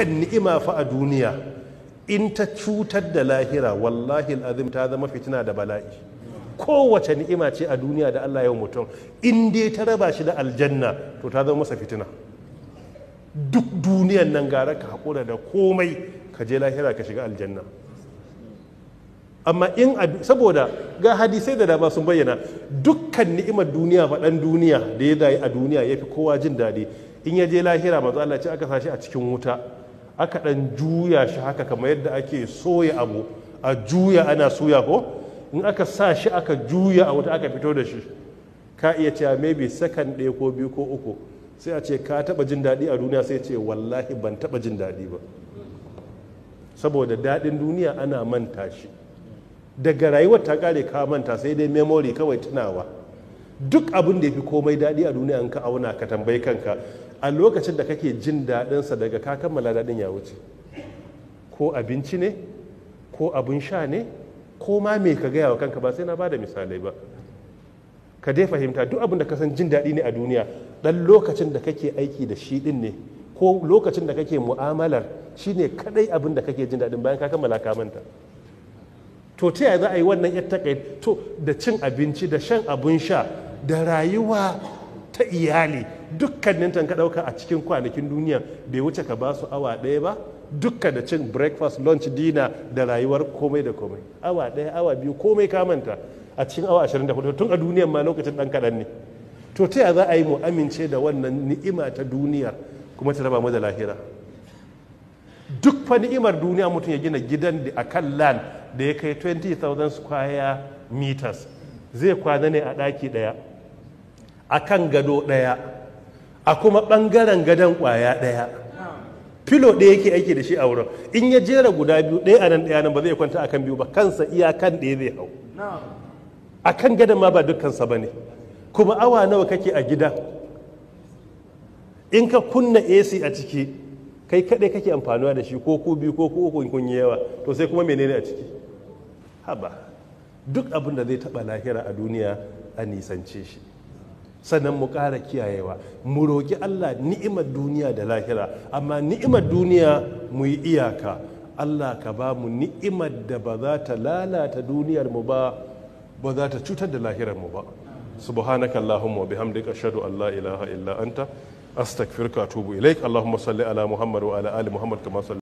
dukkan ni'ima fa a duniya in ta cutar da lahira wallahi al'azim ta zama fitina da bala'i kowace ni'ima ce a duniya da Allah yau mutum in dai ta raba shi da aljanna to ta zama masa fitina duk duniyan nan gara ka haƙura da komai ka je lahira ka shiga aljanna amma in saboda ga hadisai da dama sun bayyana dukkan ni'imar duniya faɗan duniya da ya dayi a duniya ya fi kowa jin daɗi in ya je lahira mazu Allah ce aka sashi a cikin wuta aka ɗan juya shi haka kamar yadda ake soya abu a juya ana soya ko in aka sa shi aka juya a wata aka fito da shi ka iya cewa maybe second ɗaya ko biyu ko uku sai a ce ka taɓa jin daɗi a duniya sai ce wallahi ban taɓa jin daɗi ba saboda daɗin duniya ana manta shi daga rayuwar ta ƙare ka manta sai dai memory kawai tunawa duk abin da ya fi komai daɗi a duniya in ka auna ka tambayi kanka a lokacin da kake jin daɗinsa daga ka kammala daɗin ya wuce ko abinci ne ko abin sha ne ko ma me ka gaya wa kanka ba sai na bada misalai ba ka dai fahimta duk abin da ka san jin daɗi ne a duniya ɗan lokacin da kake aiki da shi ɗin ne ko lokacin da kake mu'amalar shi ne kaɗai abin da kake jin daɗin bayan ka kammala ka manta to ta yaya za a yi wannan yadda to da cin abinci da shan abin sha da rayuwa ta iyali dukkanin ka ɗauka a cikin kwanakin duniya bai wuce ka ba su awa ɗaya ba dukka da cin breakfast lunch dinner da rayuwar komai da komai awa ɗaya awa biyu komai ka a cikin awa 24 tun a duniyan ma lokacin ɗan kaɗan ne to ta za a yi mu amince da wannan ni'ima ta duniya kuma ta raba mu da lahira duk fa ni'imar duniya mutum ya gina gidan da a kan land da ya kai 20,000 square meters zai kwana ne a ɗaki ɗaya a kan gado ɗaya a kuma ɓangaren gadon kwaya ɗaya filo ɗaya yake aiki da shi a wurin in ya jera guda biyu ɗaya a nan ɗaya nan ba zai kwanta kan biyu ba kansa iyakan ɗaya zai hau a kan gadon ma ba dukkansa ba ne kuma awa nawa kake a gida in ka kunna ac a ciki kai kaɗai kake amfanuwa da shi ko ku biyu ko ku uku kun yi yawa to sai kuma menene a ciki haba duk abin da zai taɓa lahira a duniya a nisance shi sannan mu ƙara kiyayewa mu roƙi Allah ni'imar duniya da lahira amma ni'imar duniya mu yi iyaka Allah ka ba mu ni'imar da ba za ta lalata duniyar mu ba ba za ta cutar da lahirar mu ba subhanaka allahumma bihamdika ashhadu an la ilaha illa anta astaghfiruka wa atubu ilaik allahumma salli ala muhammad wa ala ali muhammad kama